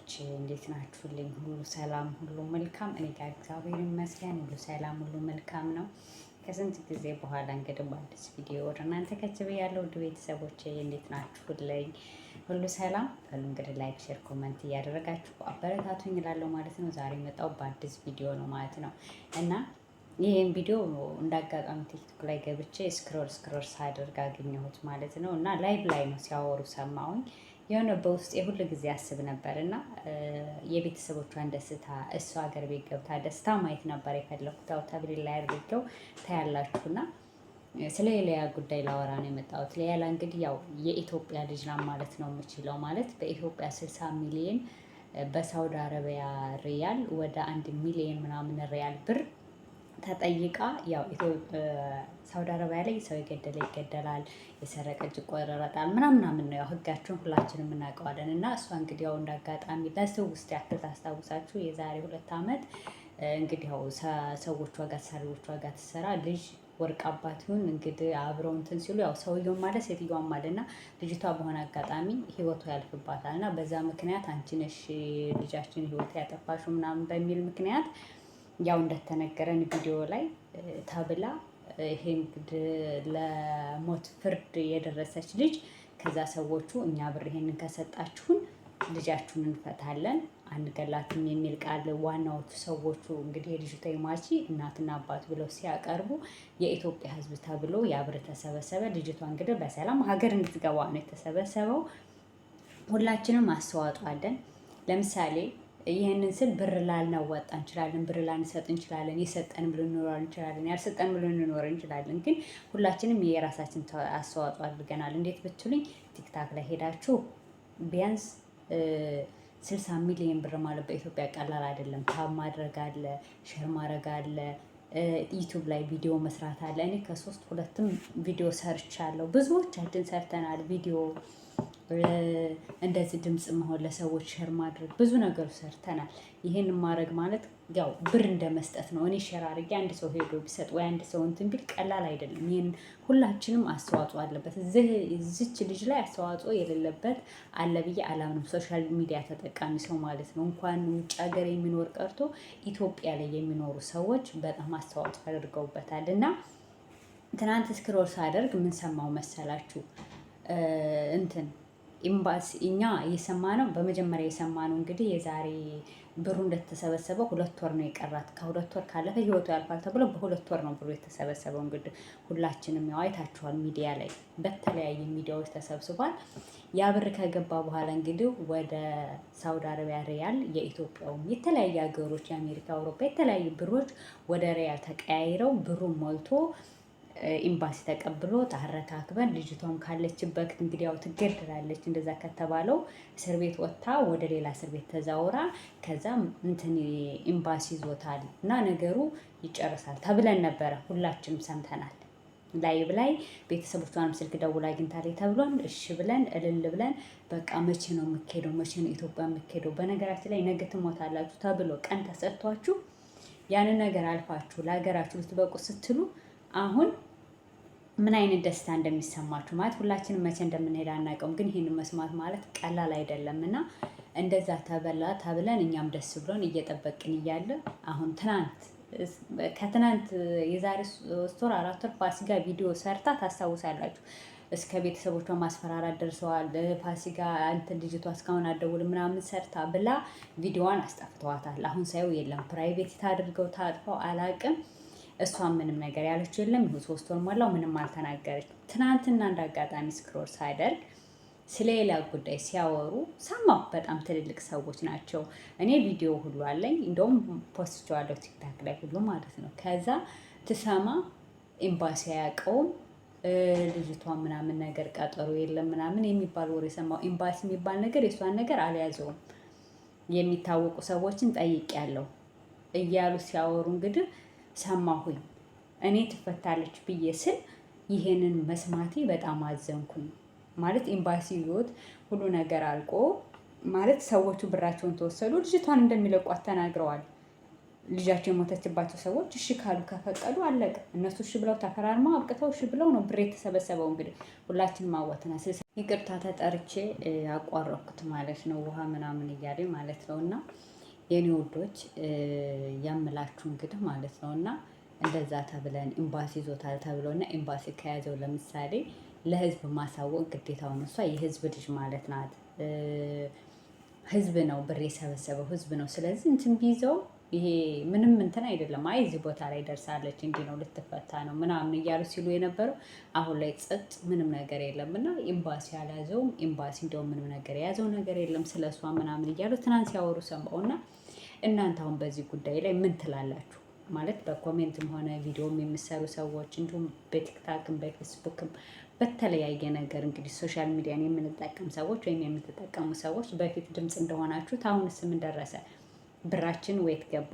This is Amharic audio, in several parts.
ቤተሰቦች እንዴት ናችሁልኝ? ሁሉ ሰላም፣ ሁሉ መልካም። እኔ ጋር እግዚአብሔር ይመስገን ሁሉ ሰላም፣ ሁሉ መልካም ነው። ከስንት ጊዜ በኋላ እንግዲህ በአዲስ ቪዲዮ ወደ እናንተ ከች ብያለሁ። ውድ ቤተሰቦች እንዴት ናችሁልኝ? ሁሉ ሰላም በሉ። እንግዲህ ላይክ፣ ሼር፣ ኮመንት እያደረጋችሁ አበረታቱኝ እላለሁ ማለት ነው። ዛሬ መጣው በአዲስ ቪዲዮ ነው ማለት ነው እና ይህን ቪዲዮ እንዳጋጣሚ ቲክቶክ ላይ ገብቼ ስክሮል ስክሮል ሳደርግ አገኘሁት ማለት ነው እና ላይቭ ላይ ነው ሲያወሩ ሰማሁኝ። የሆነ በውስጥ የሁል ጊዜ አስብ ነበር እና የቤተሰቦቿን ደስታ እሷ ሀገር ቤት ገብታ ደስታ ማየት ነበር የፈለኩት። ያው ተብሬ ላይ አድርጌው ታያላችሁና ስለ ሌላ ጉዳይ ላወራ ነው የመጣሁት። ሌላ እንግዲህ ያው የኢትዮጵያ ልጅ ናት ማለት ነው የምችለው ማለት በኢትዮጵያ ስልሳ ሚሊዮን በሳውዲ አረቢያ ሪያል ወደ አንድ ሚሊዮን ምናምን ሪያል ብር ተጠይቃ ያው ሳውዲ አረቢያ ላይ ሰው የገደለ ይገደላል፣ የሰረቀ የሰረቀች ይቆረረጣል ምናምን ምናምን ነው ያው ህጋችን ሁላችንም እናውቀዋለን። እና እሷ እንግዲህ ያው እንዳጋጣሚ ለሰው ውስጥ ያክል ታስታውሳችሁ የዛሬ ሁለት ዓመት እንግዲህ ያው ሰዎቿ ጋር ሰሪዎቿ ጋር ትሰራ ልጅ ወርቅ አባቱን እንግዲህ አብረው እንትን ሲሉ ያው ሰውየው ማለት ሴትዮዋም ማለት እና ልጅቷ በሆነ አጋጣሚ ህይወቷ ያልፍባታል እና በዛ ምክንያት አንቺ ነሽ ልጃችን ህይወት ያጠፋሹ ምናምን በሚል ምክንያት ያው እንደተነገረን ቪዲዮ ላይ ተብላ ይሄ እንግዲህ ለሞት ፍርድ የደረሰች ልጅ ከዛ ሰዎቹ እኛ ብር ይሄንን ከሰጣችሁን ልጃችሁን እንፈታለን አንገላትም የሚል ቃል ዋናዎቹ ሰዎቹ እንግዲህ የልጅቷ የሟች እናትና አባት ብለው ሲያቀርቡ የኢትዮጵያ ሕዝብ ተብሎ ያ ብር ተሰበሰበ። ልጅቷ እንግዲህ በሰላም ሀገር እንድትገባ ነው የተሰበሰበው። ሁላችንም አስተዋጽኦ አለን። ለምሳሌ ይህንን ስል ብር ላልናዋጣ እንችላለን፣ ብር ላንሰጥ እንችላለን፣ የሰጠንም ልንኖር እንችላለን፣ ያልሰጠንም ልንኖር እንችላለን። ግን ሁላችንም የራሳችን አስተዋጽኦ አድርገናል። እንዴት ብትሉኝ ቲክታክ ላይ ሄዳችሁ ቢያንስ ስልሳ ሚሊዮን ብር ማለት በኢትዮጵያ ቀላል አይደለም። ታብ ማድረግ አለ፣ ሸር ማድረግ አለ፣ ዩቱብ ላይ ቪዲዮ መስራት አለ። እኔ ከሶስት ሁለትም ቪዲዮ ሰርቻለሁ። ብዙዎቻችን ሰርተናል ቪዲዮ እንደዚህ ድምፅ መሆን ለሰዎች ሸር ማድረግ ብዙ ነገር ሰርተናል። ይህን ማድረግ ማለት ያው ብር እንደ መስጠት ነው። እኔ ሸር አድርጌ አንድ ሰው ሄዶ ቢሰጥ ወይ አንድ ሰው እንትን ቢል ቀላል አይደለም። ይህን ሁላችንም አስተዋጽኦ አለበት። እዚች ልጅ ላይ አስተዋጽኦ የሌለበት አለ ብዬ አላምንም። ሶሻል ሚዲያ ተጠቃሚ ሰው ማለት ነው። እንኳን ውጭ ሀገር የሚኖር ቀርቶ ኢትዮጵያ ላይ የሚኖሩ ሰዎች በጣም አስተዋጽኦ አድርገውበታል እና ትናንት ስክሮል ሳደርግ ምን ሰማው መሰላችሁ? እንትን ኢምባሲ እኛ ነው በመጀመሪያ የሰማነው እንግዲህ የዛሬ ብሩ እንደተሰበሰበው ሁለት ወር ነው የቀራት። ከሁለት ወር ካለፈ ህይወቱ ያልፋል ተብሎ በሁለት ወር ነው ብሩ የተሰበሰበው። እንግዲህ ሁላችንም ያው አይታችኋል፣ ሚዲያ ላይ በተለያዩ ሚዲያዎች ተሰብስቧል። ያ ብር ከገባ በኋላ እንግዲህ ወደ ሳውዲ አረቢያ ሪያል፣ የኢትዮጵያውም የተለያዩ ሀገሮች፣ የአሜሪካ አውሮፓ፣ የተለያዩ ብሮች ወደ ሪያል ተቀያይረው ብሩ ሞልቶ ኢምባሲ ተቀብሎ ታረካክበን ልጅቷም ካለችበት እንግዲህ ያው ትገደላለች። እንደዛ ከተባለው እስር ቤት ወጥታ ወደ ሌላ እስር ቤት ተዛውራ ከዛም እንትን ኢምባሲ ይዞታል እና ነገሩ ይጨርሳል ተብለን ነበረ። ሁላችንም ሰምተናል። ላይብ ላይ ቤተሰቦቿንም ስልክ ደውላ አግኝታለች ተብሏል። እሺ ብለን እልል ብለን በቃ መቼ ነው የምትሄደው? መቼ ነው ኢትዮጵያ የምትሄደው? በነገራችን ላይ ነገ ትሞታላችሁ ተብሎ ቀን ተሰጥቷችሁ ያንን ነገር አልፋችሁ ለሀገራችሁ ልትበቁ ስትሉ አሁን ምን አይነት ደስታ እንደሚሰማችሁ ማለት ሁላችንም መቼ እንደምንሄድ አናውቀውም፣ ግን ይህን መስማት ማለት ቀላል አይደለም እና እንደዛ ተበላ ተብለን እኛም ደስ ብሎን እየጠበቅን እያለ አሁን ትናንት ከትናንት የዛሬ ሶስት ወር አራት ወር ፋሲካ ቪዲዮ ሰርታ ታስታውሳላችሁ። እስከ ቤተሰቦቿ ማስፈራራት ደርሰዋል። ፋሲካ እንትን ልጅቷ እስካሁን አደውል ምናምን ሰርታ ብላ ቪዲዮዋን አስጠፍተዋታል። አሁን ሳይው የለም ፕራይቬት ታድርገው ታጥፈው አላቅም እሷን ምንም ነገር ያለችው የለም። ይሁን ሶስት ወር ሞላው፣ ምንም አልተናገረች። ትናንትና እንደ አጋጣሚ ስክሮል ሳደርግ ስለሌላ ጉዳይ ሲያወሩ ሰማሁ። በጣም ትልልቅ ሰዎች ናቸው። እኔ ቪዲዮ ሁሉ አለኝ፣ እንደውም ፖስትቸዋለሁ ቲክታክ ላይ ሁሉ ማለት ነው። ከዛ ትሰማ ኤምባሲ አያውቀውም ልጅቷ ምናምን ነገር ቀጠሮ የለም ምናምን የሚባል ወሬ ሰማሁ። ኤምባሲ የሚባል ነገር የእሷን ነገር አልያዘውም። የሚታወቁ ሰዎችን ያለው እያሉ ሲያወሩ እንግዲህ ሰማሁኝ። እኔ ትፈታለች ብዬ ስል ይሄንን መስማቴ በጣም አዘንኩኝ። ማለት ኤምባሲ ይወት ሁሉ ነገር አልቆ ማለት ሰዎቹ ብራቸውን ተወሰዱ፣ ልጅቷን እንደሚለቋት ተናግረዋል። ልጃቸው የሞተችባቸው ሰዎች እሺ ካሉ ከፈቀዱ አለቀ። እነሱ እሺ ብለው ተፈራርመው አብቅተው እሺ ብለው ነው ብሬ የተሰበሰበው። እንግዲህ ሁላችንም አዋትና ይቅርታ ተጠርቼ አቋረኩት ማለት ነው ውሃ ምናምን እያለ ማለት ነው እና የኔ ውዶች ያምላችሁ እንግዲህ ማለት ነው እና እንደዛ ተብለን ኤምባሲ ይዞታል ተብሎ እና ኤምባሲ ከያዘው ለምሳሌ ለህዝብ ማሳወቅ ግዴታውን እሷ የህዝብ ልጅ ማለት ናት። ህዝብ ነው ብር የሰበሰበው ህዝብ ነው። ስለዚህ እንትን ቢይዘው ይሄ ምንም እንትን አይደለም። አይ እዚህ ቦታ ላይ ደርሳለች እንዲህ ነው ልትፈታ ነው ምናምን እያሉ ሲሉ የነበረው አሁን ላይ ጸጥ ምንም ነገር የለም እና ኤምባሲ አልያዘውም። ኤምባሲ እንደውም ምንም ነገር የያዘው ነገር የለም ስለሷ ምናምን እያሉ ትናንት ሲያወሩ እና እናንተ አሁን በዚህ ጉዳይ ላይ ምን ትላላችሁ? ማለት በኮሜንትም ሆነ ቪዲዮም የሚሰሩ ሰዎች እንዲሁም በቲክታክም በፌስቡክም በተለያየ ነገር እንግዲህ ሶሻል ሚዲያን የምንጠቀም ሰዎች ወይም የምትጠቀሙ ሰዎች በፊት ድምፅ እንደሆናችሁት አሁን ስም ደረሰ? ብራችን ወየት ገባ?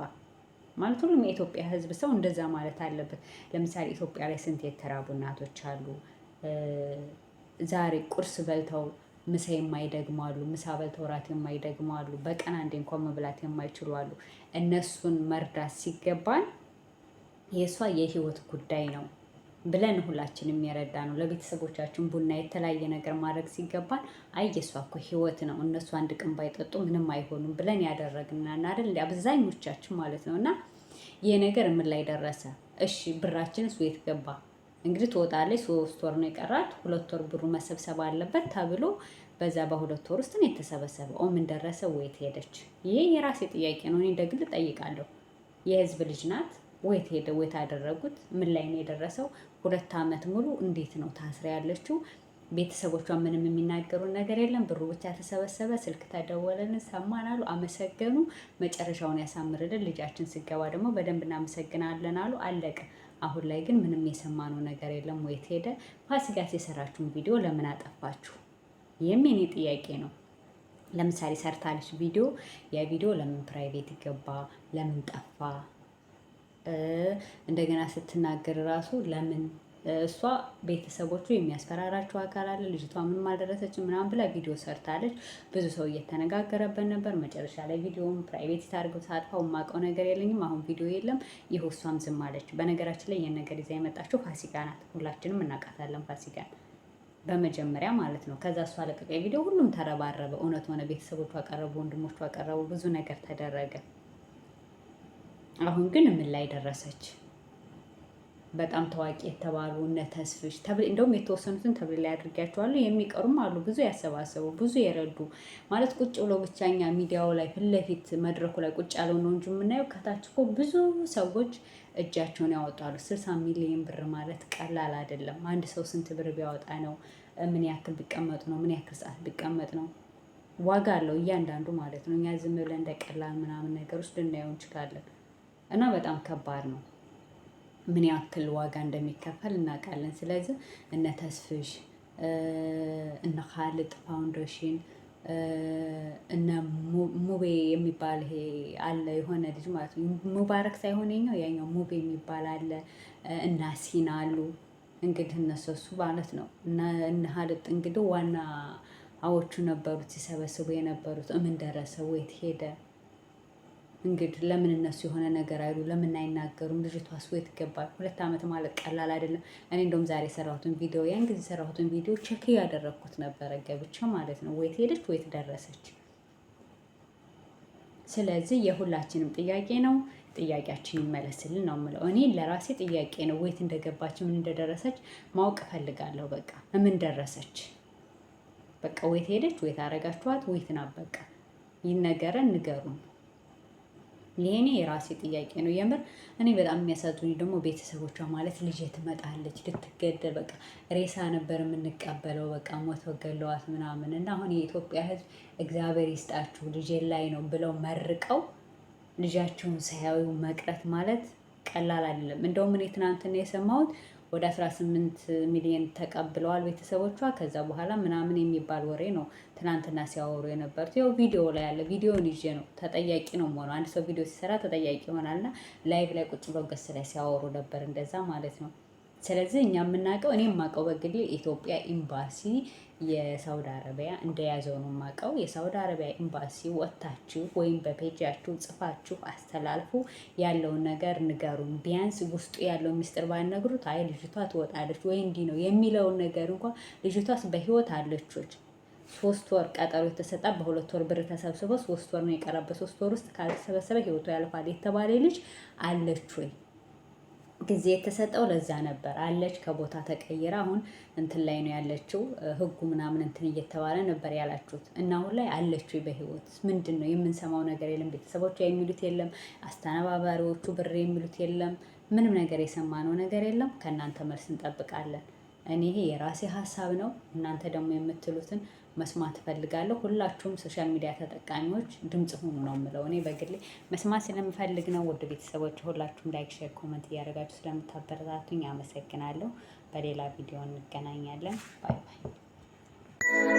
ማለት ሁሉም የኢትዮጵያ ሕዝብ ሰው እንደዛ ማለት አለበት። ለምሳሌ ኢትዮጵያ ላይ ስንት የተራቡ እናቶች አሉ ዛሬ ቁርስ በልተው ምሳ የማይደግሙ አሉ። ምሳ በልተው እራት የማይደግሙ አሉ። በቀን አንዴ እንኳን መብላት የማይችሉ አሉ። እነሱን መርዳት ሲገባን የእሷ የህይወት ጉዳይ ነው ብለን ሁላችን የሚረዳ ነው። ለቤተሰቦቻችን ቡና የተለያየ ነገር ማድረግ ሲገባን አይ የእሷ እኮ ህይወት ነው እነሱ አንድ ቀን ባይጠጡ ምንም አይሆኑም ብለን ያደረግና ና አደል አብዛኞቻችን ማለት ነው። እና ይህ ነገር ምን ላይ ደረሰ? እሺ ብራችን ብራችንስ የት ገባ? እንግዲህ ትወጣለች። ሶስት ወር ነው የቀራት። ሁለት ወር ብሩ መሰብሰብ አለበት ተብሎ በዛ በሁለት ወር ውስጥ ነው የተሰበሰበው። ኦ ምን ደረሰ? ወየት ሄደች? ይሄ የራሴ ጥያቄ ነው። እኔ ደግል ጠይቃለሁ። የህዝብ ልጅ ናት። ወየት ሄደ? ወየት አደረጉት? ምን ላይ ነው የደረሰው? ሁለት አመት ሙሉ እንዴት ነው ታስራ ያለችው? ቤተሰቦቿ ምንም የሚናገሩን ነገር የለም። ብሩ ብቻ ተሰበሰበ፣ ስልክ ተደወለልን፣ ሰማን አሉ፣ አመሰገኑ። መጨረሻውን ያሳምርልን። ልጃችን ስገባ ደግሞ በደንብ እናመሰግናለን አሉ። አለቀ። አሁን ላይ ግን ምንም የሰማነው ነገር የለም። ወይት ሄደ? ፋሲካስ የሰራችውን ቪዲዮ ለምን አጠፋችሁ? ይህም የኔ ጥያቄ ነው። ለምሳሌ ሰርታለች ቪዲዮ፣ ያ ቪዲዮ ለምን ፕራይቬት ይገባ? ለምን ጠፋ? እንደገና ስትናገር ራሱ ለምን እሷ ቤተሰቦቹ የሚያስፈራራቸው አካል አለ። ልጅቷ ምንም አልደረሰችም ምናምን ብላ ቪዲዮ ሰርታለች። ብዙ ሰው እየተነጋገረበት ነበር። መጨረሻ ላይ ቪዲዮውን ፕራይቬት ታደርገው ሳጥፋው የማውቀው ነገር የለኝም። አሁን ቪዲዮ የለም። ይህ እሷም ዝም አለች። በነገራችን ላይ ይህን ነገር ይዛ የመጣችው ፋሲካ ናት። ሁላችንም እናውቃታለን ፋሲካን በመጀመሪያ ማለት ነው። ከዛ እሷ ለቀቀ ቪዲዮ ሁሉም ተረባረበ። እውነት ሆነ። ቤተሰቦቹ አቀረቡ፣ ወንድሞቹ አቀረቡ፣ ብዙ ነገር ተደረገ። አሁን ግን ምን ላይ ደረሰች? በጣም ታዋቂ የተባሉ እነ ተስፍሽ ተብል እንደውም የተወሰኑትን ተብል ላይ አድርጊያቸዋለሁ። የሚቀሩም አሉ ብዙ ያሰባሰቡ ብዙ የረዱ ማለት ቁጭ ብሎ ብቻኛ ሚዲያው ላይ ፊት ለፊት መድረኩ ላይ ቁጭ ያለው ነው እንጂ የምናየው ከታች እኮ ብዙ ሰዎች እጃቸውን ያወጣሉ። ስልሳ ሚሊዮን ብር ማለት ቀላል አይደለም። አንድ ሰው ስንት ብር ቢያወጣ ነው? ምን ያክል ቢቀመጡ ነው? ምን ያክል ሰዓት ቢቀመጥ ነው? ዋጋ አለው እያንዳንዱ ማለት ነው። እኛ ዝም ብለን እንደ ቀላል ምናምን ነገር ውስጥ ልናየው እንችላለን እና በጣም ከባድ ነው። ምን ያክል ዋጋ እንደሚከፈል እናውቃለን። ስለዚህ እነ ተስፍሽ እነ ካልጥ ፋውንዴሽን እነ ሙቤ የሚባል ይሄ አለ የሆነ ልጅ ማለት ነው። ሙባረክ ሳይሆን የኛው ያኛው ሙቤ የሚባል አለ እና ሲና አሉ እንግዲህ እነሰሱ ማለት ነው እነ ሀልጥ እንግዲህ ዋና አዎቹ ነበሩት ሲሰበስቡ የነበሩት። እምን ደረሰ? ወይት ሄደ? እንግዲህ ለምን እነሱ የሆነ ነገር አይሉ ለምን አይናገሩም? ልጅቷ ስዌት ይገባል። ሁለት ዓመት ማለት ቀላል አይደለም። እኔ እንደውም ዛሬ የሰራሁትን ቪዲዮ ያን ጊዜ የሰራሁትን ቪዲዮ ቼክ እያደረግኩት ነበረ ገብቼ ማለት ነው። ወይት ሄደች፣ ወይት ደረሰች። ስለዚህ የሁላችንም ጥያቄ ነው። ጥያቄያችን ይመለስልን ነው የምለው። እኔ ለራሴ ጥያቄ ነው። ወይት እንደገባች ምን እንደደረሰች ማወቅ እፈልጋለሁ። በቃ ምን ደረሰች? በቃ ወይት ሄደች፣ ወይት አረጋችኋት፣ ወይት ናት። በቃ ይነገረን፣ ንገሩን። ይሄኔ የራሴ ጥያቄ ነው። የምር እኔ በጣም የሚያሳዝኑኝ ደግሞ ቤተሰቦቿ ማለት ልጅ ትመጣለች ልትገደል፣ በቃ ሬሳ ነበር የምንቀበለው፣ በቃ ሞት ገለዋት ምናምን እና አሁን የኢትዮጵያ ሕዝብ እግዚአብሔር ይስጣችሁ ልጄ ላይ ነው ብለው መርቀው ልጃቸውን ሳያዩ መቅረት ማለት ቀላል አይደለም። እንደውም እኔ ትናንትና የሰማሁት ወደ 18 ሚሊዮን ተቀብለዋል ቤተሰቦቿ። ከዛ በኋላ ምናምን የሚባል ወሬ ነው ትናንትና ሲያወሩ የነበሩት። ያው ቪዲዮ ላይ ያለ ቪዲዮውን ይዤ ነው ተጠያቂ ነው መሆኑ። አንድ ሰው ቪዲዮ ሲሰራ ተጠያቂ ይሆናልና ላይቭ ላይ ቁጭ ብሎ ገስ ላይ ሲያወሩ ነበር እንደዛ ማለት ነው። ስለዚህ እኛ የምናውቀው እኔ የማውቀው በግሌ ኢትዮጵያ ኤምባሲ የሳውዲ አረቢያ እንደያዘው ነው የማውቀው። የሳውዲ አረቢያ ኤምባሲ ወጥታችሁ ወይም በፔጃችሁ ጽፋችሁ አስተላልፉ፣ ያለውን ነገር ንገሩን። ቢያንስ ውስጡ ያለው ሚስጥር ባነግሩት፣ አይ ልጅቷ ትወጣለች ወይ እንዲህ ነው የሚለውን ነገር እንኳ ልጅቷስ በህይወት አለቾች ሶስት ወር ቀጠሮ የተሰጣ በሁለት ወር ብር ተሰብስበው ሶስት ወር ነው የቀረበ። ሶስት ወር ውስጥ ካልተሰበሰበ ህይወቱ ያልፋል የተባለ ልጅ አለች ወይ? ጊዜ የተሰጠው ለዛ ነበር አለች። ከቦታ ተቀይራ አሁን እንትን ላይ ነው ያለችው። ህጉ ምናምን እንትን እየተባለ ነበር ያላችሁት እና አሁን ላይ አለች በህይወት ምንድን ነው የምንሰማው ነገር የለም። ቤተሰቦቿ የሚሉት የለም፣ አስተናባባሪዎቹ ብር የሚሉት የለም፣ ምንም ነገር የሰማነው ነገር የለም። ከእናንተ መልስ እንጠብቃለን። እኔ ይሄ የራሴ ሀሳብ ነው። እናንተ ደግሞ የምትሉትን መስማት እፈልጋለሁ። ሁላችሁም ሶሻል ሚዲያ ተጠቃሚዎች ድምፅ ሁኑ ነው የምለው። እኔ በግሌ መስማት ስለምፈልግ ነው። ውድ ቤተሰቦች ሁላችሁም ላይክ፣ ሼር፣ ኮመንት እያደረጋችሁ ስለምታበረታቱኝ አመሰግናለሁ። በሌላ ቪዲዮ እንገናኛለን። ባይ ባይ።